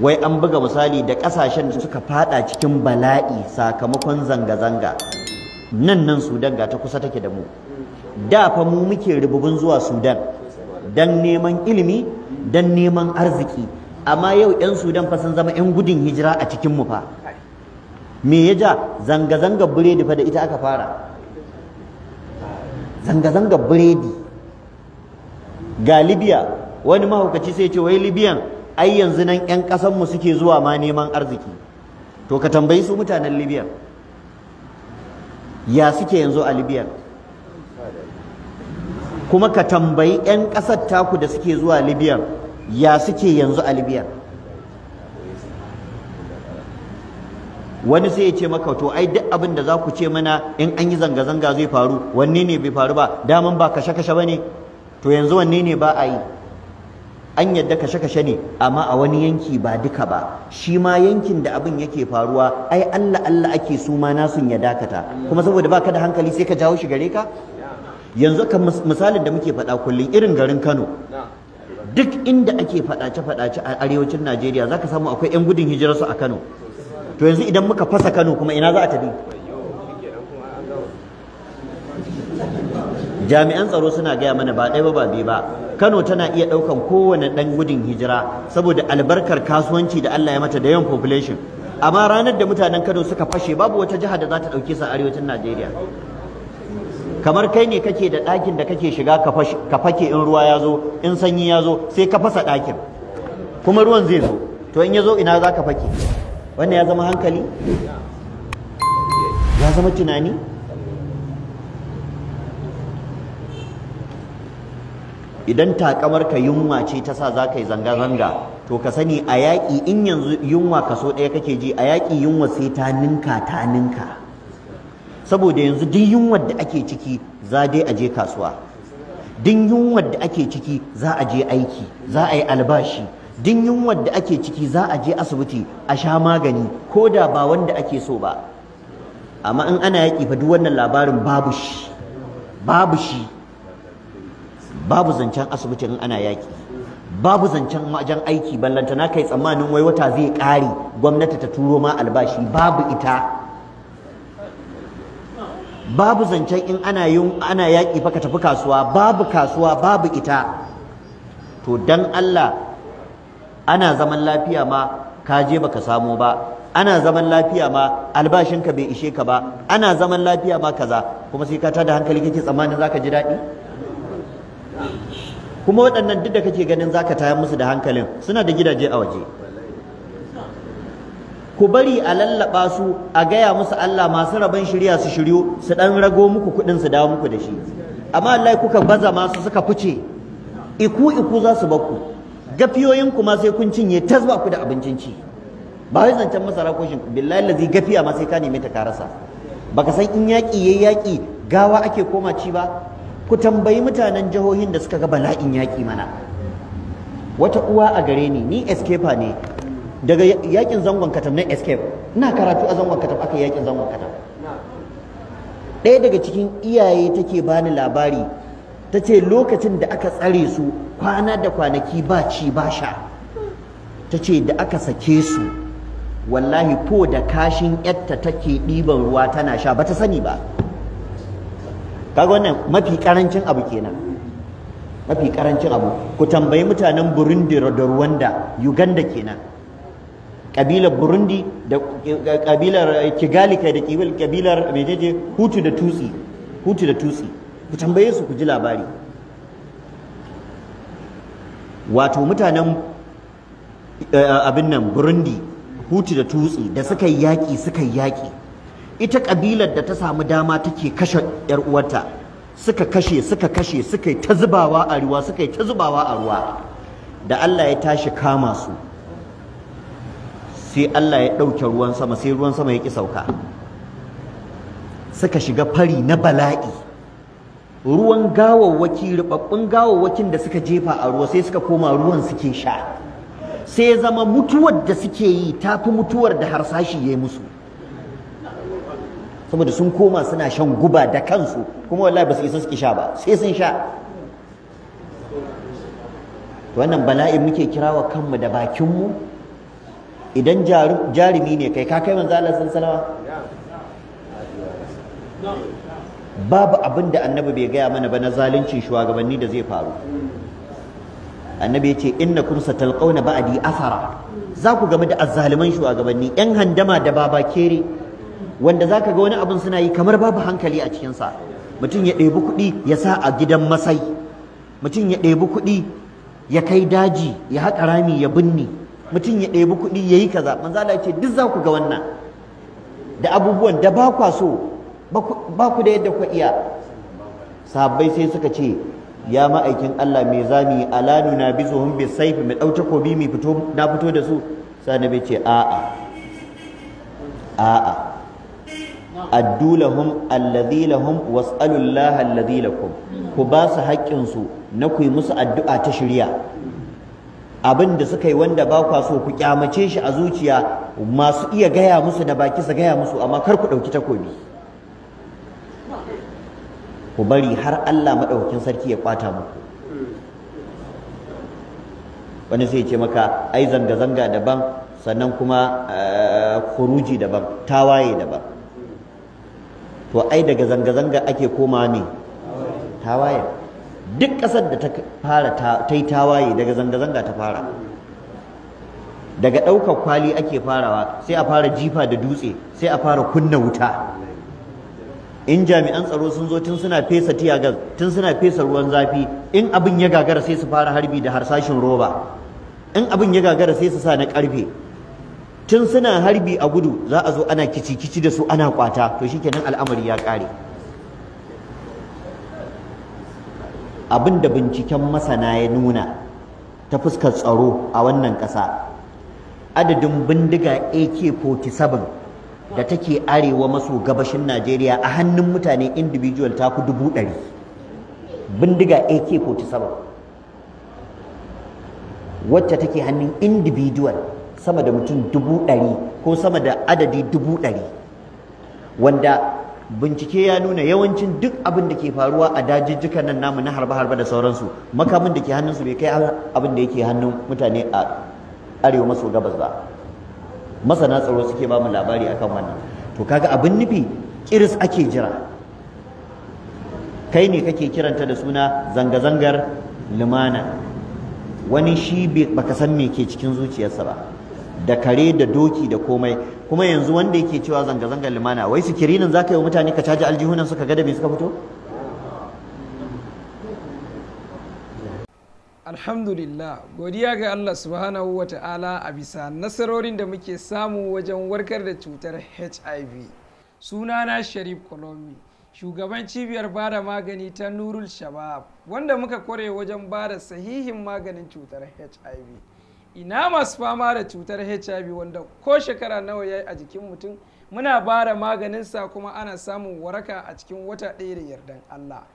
wai an buga misali da kasashen da suka fada cikin bala'i sakamakon zanga-zanga nan nan sudan ga ta kusa take da mu da fa mu muke rububun zuwa sudan dan neman ilimi dan neman arziki amma yau 'yan sudan fa sun zama 'yan gudun hijira a cikin mu fa me ya ja zanga-zanga biredi fa da ita aka fara zanga-zanga biredi ga libya wani mahaukaci sai ce wai libyan ai yanzu nan 'yan mu suke zuwa ma neman arziki to ka tambayi su mutanen libya ya suke yanzu a libya kuma ka tambayi ƴan ƙasar taku da suke zuwa libya ya suke yanzu a libya wani sai ya ce maka to ai duk abin da za ku ce mana in an yi zanga-zanga zai faru wanne ne bai faru ba daman ba kashe-kashe ba ne to yanzu wanne ne ba a yi an yadda kashe-kashe ne amma a wani yanki ba duka ba shi ma yankin da abin yake faruwa ai Allah Allah ake su ma nasun ya dakata kuma saboda baka da hankali sai ka jawo shi gare ka yanzu kan misalin da muke faɗa kullum irin garin Kano duk inda ake faɗace-faɗace a arewacin Najeriya zaka samu akwai 'yan gudun hijirarsu a Kano to yanzu idan muka fasa Kano kuma ina za a tafi jami'an tsaro suna gaya mana ba ɗaya ba ba biyu ba Kano tana iya ɗaukan kowane ɗan gudun hijira saboda albarkar kasuwanci da Allah ya mata da yawan population amma ranar da mutanen Kano suka fashe babu wata jiha da za ta ɗauke su a arewacin Najeriya kamar kai ne kake da ɗakin da kake shiga ka fake in ruwa ya zo in sanyi ya zo sai ka fasa ɗakin kuma ruwan zai zo to in ya zo ina za ka fake wannan ya zama hankali ya zama tunani idan takamar ka yunwa ce ta sa za ka yi zanga-zanga to ka sani a yaƙi in yanzu yunwa kaso ɗaya kake ji a yaƙi yunwa sai ta ninka ta ninka saboda yanzu duk yunwar da ake ciki za dai a je kasuwa din yunwar da ake ciki za a je aiki za a yi albashi din yunwar da ake ciki za a je asibiti a sha magani ko da ba wanda ake so ba amma in ana yaƙi fa duk wannan labarin babu shi babu shi babu zancen asibiti in ana yaki babu zancen wajen aiki ballanta na kai tsammanin wai wata zai kare gwamnati ta turo ma albashi babu ita babu zancen in ana yin ana yaƙi fa ka tafi kasuwa babu kasuwa babu ita to dan Allah ana zaman lafiya ma ka je baka samu ba ana zaman lafiya ma albashinka bai ishe ka ba ana zaman lafiya ma kaza kuma sai ka tada hankali kake tsammanin zaka ji daɗi kuma waɗannan duk da kake ganin zaka taya musu da hankalin suna da gidaje a waje ku bari a lallaba su a gaya musu Allah masu rabon shirya su shiryo, su ɗan rago muku kuɗin su dawo muku da shi amma Allah kuka baza masu suka fice iku iku za su baku gafiyoyin ku ma sai kun cinye tasba ku da abincin ci ba wai zancen masara ko ku. billahi lazi gafiya ma sai ka neme ta ka rasa baka san in yaki yayi yaki gawa ake koma ci ba ku tambayi mutanen jihohin da suka ga bala'in yaƙi mana wata uwa a gare ni ni escape ne daga yakin zangon katam na escape ina karatu a zangon katam aka yakin zangon katam ɗaya daga cikin iyaye take bani labari ta ce lokacin da aka tsare su kwana da kwanaki ba ci ba sha ta ce da aka sake su wallahi ko da kashin yatta take ɗiban ruwa tana sha ba ta sani ba kaga wannan mafi karancin abu kenan mafi karancin abu ku tambayi mutanen Burundi da Rwanda Uganda kenan kabilar Burundi da kabilar Kigali kai da kabilar mejeje Hutu da Tutsi Hutu da Tutsi ku tambaye su ku ji labari wato mutanen eh, abin nan Burundi Hutu da Tutsi da suka yi yaki suka yi yaki ita kabilar da ta samu dama take kashe yar uwarta suka kashe suka kashe suka yi ta zubawa a ruwa suka yi ta zubawa a ruwa da Allah ya tashi kama su sai Allah ya ɗauke ruwan sama sai ruwan sama ya ki sauka suka shiga fari na bala'i ruwan gawawwaki rubabbun gawawwakin da suka jefa a ruwa sai suka koma ruwan suke sha sai zama mutuwar da suke yi tafi mutuwar da harsashi ya yi musu saboda sun koma suna shan guba da kansu kuma wallahi ba su isa suke sha ba sai sun sha wannan bala'i muke kirawa kanmu da bakinmu idan jarumi ne kai ka kai manzo Allah sallallahu babu abin da annabi bai gaya mana ba na zaluncin shugabanni da zai faru annabi ya ce innakum satalqauna ba'di asara za ku game da azzaliman shugabanni yan handama da baba kere. wanda zaka ga wani abin suna yi kamar babu hankali a cikin sa mutum ya ɗebi kuɗi ya sa a gidan masai mutum ya ɗebi kuɗi ya kai daji ya haƙa rami ya binne mutum ya ɗebi kuɗi ya yi kaza manzo Allah ce duk za ku ga wannan da abubuwan da ba kwa so ba ku da yadda ku iya sahabbai sai suka ce ya ma'aikin Allah me zami alanu na zuhun bi saifi mai dau takobi mai fito na fito da su sai ce a'a a'a addu lahum alladhi lahum was'alu Allah alladhi lakum ku ba su haƙƙin su na ku yi musu addu'a ta shirya abin da suka yi wanda ba kwa so ku kyamace shi a zuciya masu iya gaya musu da baki su gaya musu amma kar ku ɗauki takobi ku bari har Allah maɗaukin sarki ya kwata muku wani sai ce maka ai zanga-zanga daban sannan kuma eh, kuruji daban tawaye daban to ai daga zanga-zanga ake koma ne tawaye duk ƙasar da ta fara ta yi tawaye daga zanga-zanga ta fara daga ɗaukar kwali ake farawa sai a fara jifa da dutse sai a fara kunna wuta in jami'an tsaro sun zo tun suna fesa tiyagas tun suna fesa ruwan zafi in abin ya gagara sai su fara harbi da harsashin roba in abin ya gagara sai su sa na ƙarfe tun suna harbi a gudu za a zo ana kici kici da su ana kwata to shikenan al'amari ya kare abin da binciken masana ya nuna ta fuskar tsaro a wannan ƙasa adadin bindiga AK47 da take arewa maso gabashin Najeriya a hannun mutane individual ta ku dubu ɗari bindiga AK47 wacce take hannun individual sama da mutum dubu ɗari ko sama da adadi dubu ɗari wanda bincike ya nuna yawancin duk abin da ke faruwa a dajijjikan nan namu na harba-harba da sauransu makamin da ke hannunsu bai kai abin da yake hannun mutane a arewa maso gabas ba masana tsaro suke ba mu labari akan wannan to kaga abin nufi kiris ake jira kai ne kake kiranta da suna zanga-zangar lumana wani shi baka san me ke cikin zuciyarsa ba da kare da doki da komai kuma yanzu wanda yake cewa zanga-zangar limana wai sikirinin za ka yi wa mutane ka caji aljihunan suka ga da me suka fito alhamdulillah godiya ga allah subhanahu wa ta'ala a bisa nasarorin da muke samu wajen warkar da cutar hiv sunana sharif kolomi shugaban cibiyar bada magani ta nurul shabab wanda muka kware wajen bada sahihin maganin cutar hiv ina masu fama da cutar hiv wanda ko shekara nawa yayi a jikin mutum muna bara sa kuma ana samun waraka a cikin wata ɗaya da yardan allah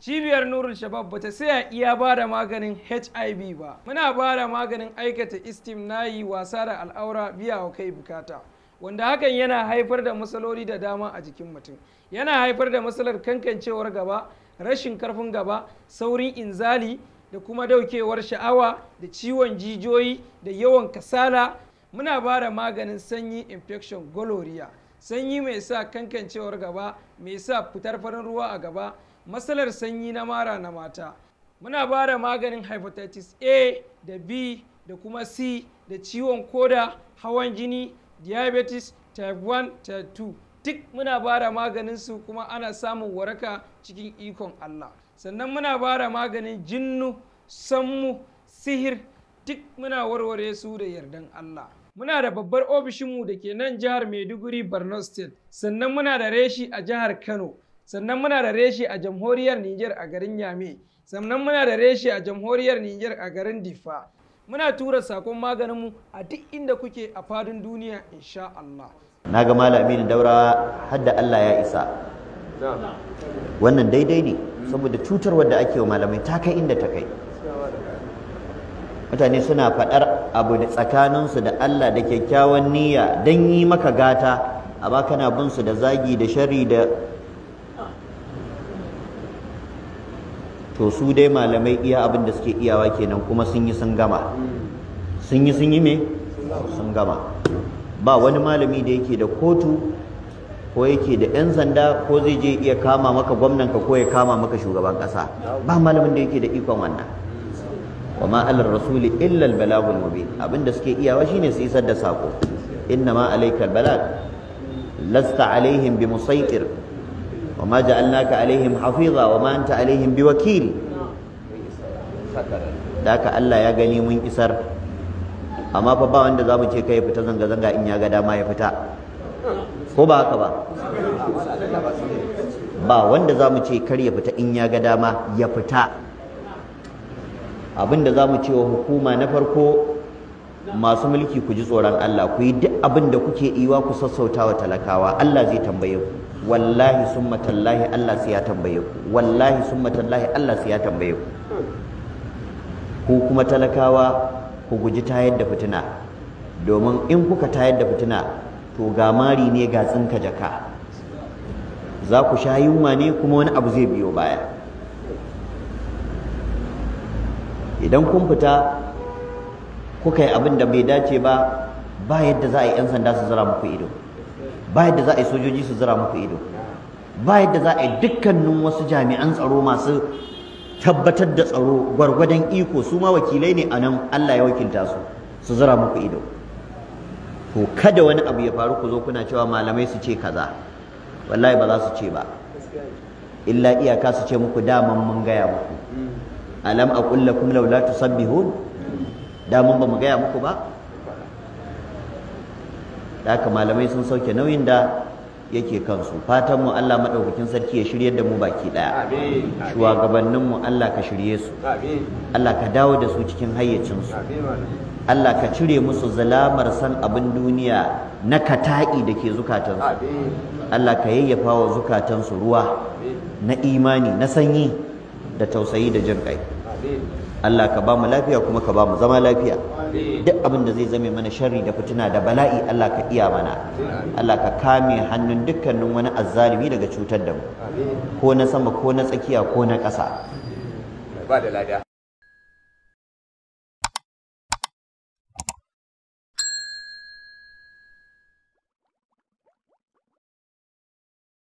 cibiyar nurul shabab bata saya iya ba maganin hiv ba muna bara maganin aikata istim nayi wasa da al'aura biya wa kai bukata wanda hakan yana haifar da matsaloli da dama a jikin mutum yana haifar da matsalar kankancewar gaba rashin karfin gaba saurin inzali da kuma daukewar sha'awa da ciwon jijiyoyi da yawan kasala muna ba da maganin sanyi infection gonorrhea sanyi mai sa kankancewar gaba mai sa fitar farin ruwa a gaba matsalar sanyi na mara na mata muna ba da maganin hepatitis a da b da kuma c da ciwon koda hawan jini diabetes type 1 type 2 duk muna ba da maganin su kuma ana samun waraka cikin ikon allah sannan muna bara maganin jinnu sammu sihir duk muna warware su da yardan Allah muna da babbar ofishinmu da ke nan jihar maiduguri borno state sannan muna da reshi a jihar kano sannan muna da reshi a jamhuriyar niger a garin yame sannan muna da reshi a jamhuriyar niger a garin difa muna tura sakon maganinmu a duk inda kuke a fadin duniya insha Allah na ga malamin daura hadda Allah ya isa wannan daidai ne saboda cutar wadda ake wa malamai ta kai inda ta kai mutane suna faɗar abu da tsakaninsu da Allah da kyakkyawan niyya don yi maka gata amma kana bin su da zagi da shari da to su dai malamai iya abin da suke iyawa kenan kuma sun yi sun gama sun yi sun yi me sun gama ba wani malami da yake da kotu ko yake da 'yan sanda ko zai je iya kama maka gwamnanka ko ya kama maka shugaban ƙasa ba malamin da yake da ikon wannan wa ma alar rasuli illa albalagul mubin abinda suke iyawa shine su isar da sako inna ma alaikal balag lasta alaihim bi musaitir wa ma ja'alnaka alaihim hafiza wa ma anta alaihim bi wakil daka Allah ya gani mun isar amma fa ba wanda zamu ce kai fita zanga zanga in ya ga dama ya fita ko ba haka ba ba wanda za mu ce kar ya fita in ya ga dama ya fita abin da za mu ce wa hukuma na farko masu mulki ku ji tsoron Allah ku yi duk abin da kuke iwa ku sassauta wa talakawa Allah zai tambaye ku wallahi summa tallahi Allah sai ya tambaye ku wallahi summa tallahi Allah sai ya tambaye ku ku kuma talakawa ku guji tayar da fitina domin in kuka tayar da fitina to ga mari ne ga tsinka jaka za ku sha yunwa ne kuma wani abu zai biyo baya idan kun fita kuka yi abin da bai dace ba ba yadda za a yi 'yan sanda su zira muku ido ba yadda za a yi sojoji su zira muku ido ba yadda za a yi dukkanin wasu jami'an tsaro masu tabbatar da tsaro gwargwadon iko su ma wakilai ne a nan allah ya wakilta su su zira muku ido to kada wani abu ya faru ku zo kuna cewa malamai su ce kaza wallahi ba za su ce ba illa iyaka su ce muku daman mun gaya muku alam aqul lakum law la tusabbihun daman ba mu gaya muku ba haka malamai sun sauke nauyin da yake kansu fatan mu Allah madaukakin sarki ya shirye da mu baki daya amin shuwagabannin mu Allah ka shirye su amin Allah ka dawo da su cikin hayyacin su amin Allah ka cire musu zalamar san abin duniya na kata'i da ke zukatansu Allah ka yayyafa wa zukatansu ruwa na imani na sanyi da tausayi da jin kai Allah ka ba mu lafiya kuma ka ba mu zama lafiya duk abin da zai zame mana sharri da fitina da bala'i Allah ka iya mana Allah ka kame hannun dukkanin wani azzalimi daga cutar da mu ko na sama ko na tsakiya ko na ƙasa ba da lada